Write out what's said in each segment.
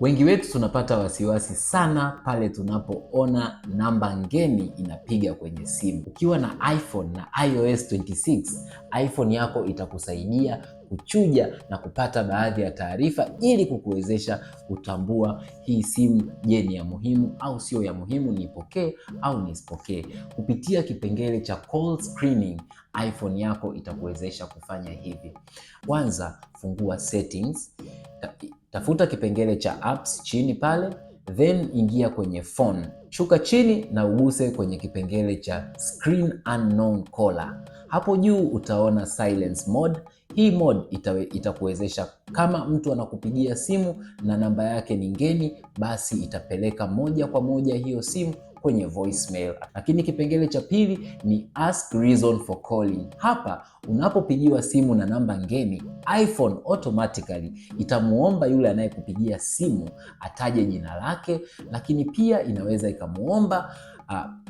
Wengi wetu tunapata wasiwasi sana pale tunapoona namba ngeni inapiga kwenye simu. Ukiwa na iPhone na iOS 26, iPhone yako itakusaidia kuchuja na kupata baadhi ya taarifa ili kukuwezesha kutambua hii simu, je, ni ya muhimu au sio ya muhimu, niipokee au nisipokee. Kupitia kipengele cha call screening, iPhone yako itakuwezesha kufanya hivi. Kwanza fungua settings Tafuta kipengele cha apps chini pale, then ingia kwenye phone, shuka chini na uguse kwenye kipengele cha screen unknown caller. Hapo juu utaona silence mode. Hii mode itakuwezesha kama mtu anakupigia simu na namba yake ni ngeni, basi itapeleka moja kwa moja hiyo simu kwenye voicemail. Lakini kipengele cha pili ni ask reason for calling. Hapa unapopigiwa simu na namba ngeni, iPhone automatically itamuomba yule anayekupigia simu ataje jina lake, lakini pia inaweza ikamuomba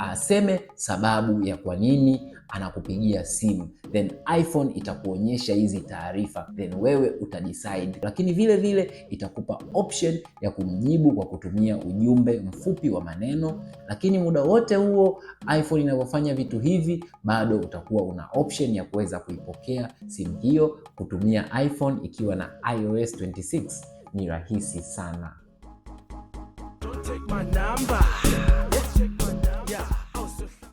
aseme sababu ya kwa nini anakupigia simu, then iPhone itakuonyesha hizi taarifa, then wewe utadecide, lakini vile vile itakupa option ya kumjibu kwa kutumia ujumbe mfupi wa maneno. Lakini muda wote huo iPhone inavyofanya vitu hivi, bado utakuwa una option ya kuweza kuipokea simu hiyo kutumia iPhone ikiwa na iOS 26. Ni rahisi sana. Don't take my number.